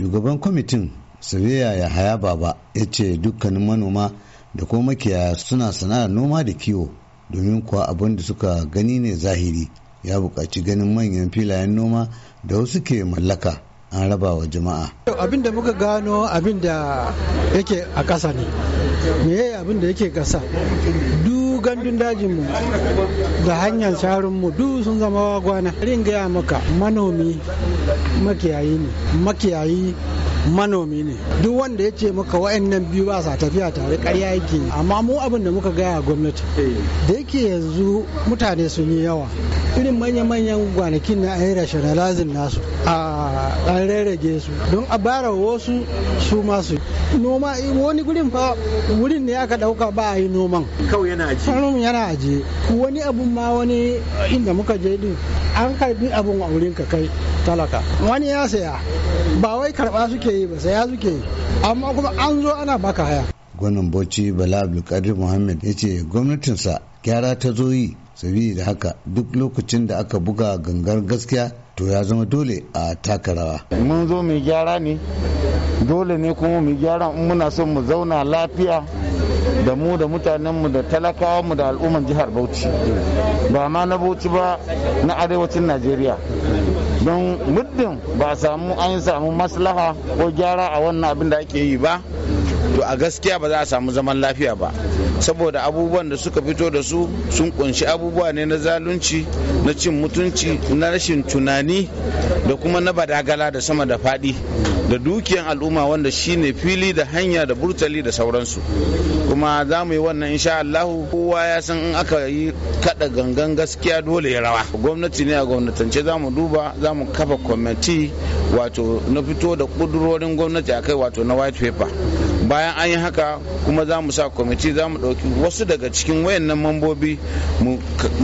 shugaban kwamitin sabiya ya haya baba ya ce dukkanin manoma da kuma makiyaya suna sana'ar noma da kiwo domin kuwa abin da suka gani ne zahiri ya buƙaci ganin manyan filayen noma da wasu ke mallaka an raba wa jama'a. abin da muka gano abin da yake a ƙasa ne me abin da yake ƙasa duk Gandun dajin mu da hanyar mu duk sun zama wagwana rin gaya maka manomi makiyayi ne makiyayi manomi ne duk wanda ya ce maka wa'annan biyu ba sa tafiya tare karya yake amma mu abin da muka gaya gwamnati da yake yanzu mutane sun yi yawa irin manya-manyan gwanakin na an rationalizing nasu a an rarrage su don a bara wasu su masu noma wani gurin fa wurin ne aka dauka ba a yi noman kawai yana aje yana wani abun ma wani inda muka je din an karbi abun a wurin ka kai talaka wani ya saya ba wai karba suke yi ba saya suke yi amma kuma an zo ana baka haya gwanin bauchi bala abdulkadir muhammad ya ce gwamnatinsa gyara ta zo yi sabida haka duk lokacin da aka buga gangar gaskiya to ya zama dole a takarawa. mun zo mu gyara ne dole ne kuma mu gyara in muna son mu zauna lafiya da mu da mutanenmu da mu da al'umman jihar bauchi ba ma na bauchi ba na arewacin najeriya don muddin ba samu an samu maslaha ko gyara a wannan abin da ake yi ba to a gaskiya ba za a samu zaman lafiya ba saboda abubuwan da suka fito da su sun kunshi abubuwa ne na zalunci na cin mutunci na rashin tunani da kuma na badagala da sama da faɗi da dukiyan al'umma wanda shine fili da hanya da burtali da sauransu kuma za mu yi wannan insha Allahu kowa ya san in aka yi kada gangan gaskiya dole ya rawa gwamnati ne a gwamnatance za mu duba za mu kafa kwamiti wato na fito da kudurorin gwamnati a kai wato na white paper bayan an yi haka kuma za mu sa kwamiti za mu ɗauki wasu daga cikin wayannan mambobi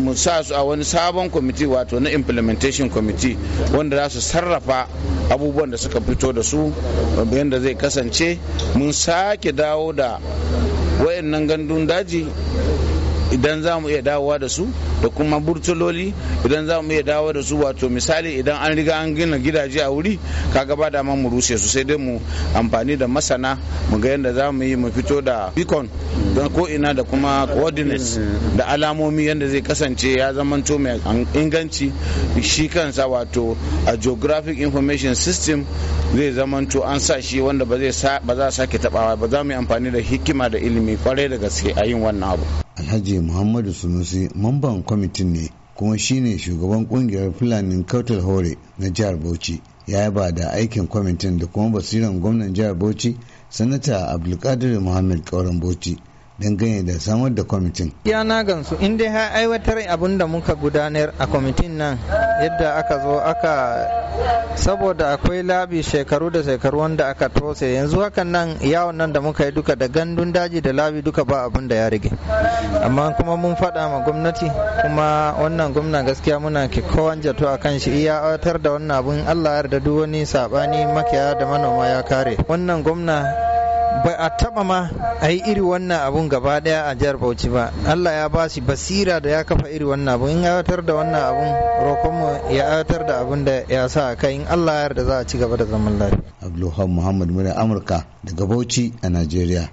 mu sa su a wani sabon kwamiti wato na implementation kwamiti wanda za su sarrafa abubuwan da suka fito da su yadda zai kasance mun sake dawo da wayannan gandun daji idan za mu iya dawowa da su da kuma burtuloli idan za mu iya dawo da su wato misali idan an riga an gina gidaje a wuri kaga ba da mu rushe su sai dai mu amfani da masana mu ga yadda za mu yi mu fito da beacon don ko ina da kuma coordinates da alamomi yadda zai kasance ya zamanto mai inganci shi kansa wato a geographic information system zai zamanto an sa shi wanda ba za a sake tabawa ba za mu yi amfani da hikima da ilimi kwarai da gaske a yin wannan abu alhaji muhammadu sunusi mamban kwamitin ne kuma shine shugaban kungiyar fulanin kautar hore na jihar bauchi ya yaba da aikin kwamitin da kuma basiran gwamnan jihar bauchi sanata abdulkadir muhammad kauran bauchi dangane da samar da kwamitin. Ya na gansu in dai ha aiwatar abin da muka gudanar a kwamitin nan yadda aka zo aka saboda akwai labi shekaru da shekaru wanda aka tose yanzu hakan nan yawon nan da muka yi duka da gandun daji da labi duka ba abin da ya rage. Amma kuma mun faɗa ma gwamnati kuma wannan gwamna gaskiya muna kowan jato a kan shi iya aiwatar da wannan abin Allah ya yarda duk wani saɓani makiya da manoma ya kare. Wannan gwamna ba a taba ma a yi iri wannan abun gaba daya a jihar bauchi ba allah ya ba shi basira da ya kafa iri wannan abun in aiwatar da wannan abun roƙonmu ya aiwatar da abun da ya sa a kai in allah ya yarda za a ci gaba da zaman lafiya abdulhamu muhammad muna amurka daga bauchi a najeriya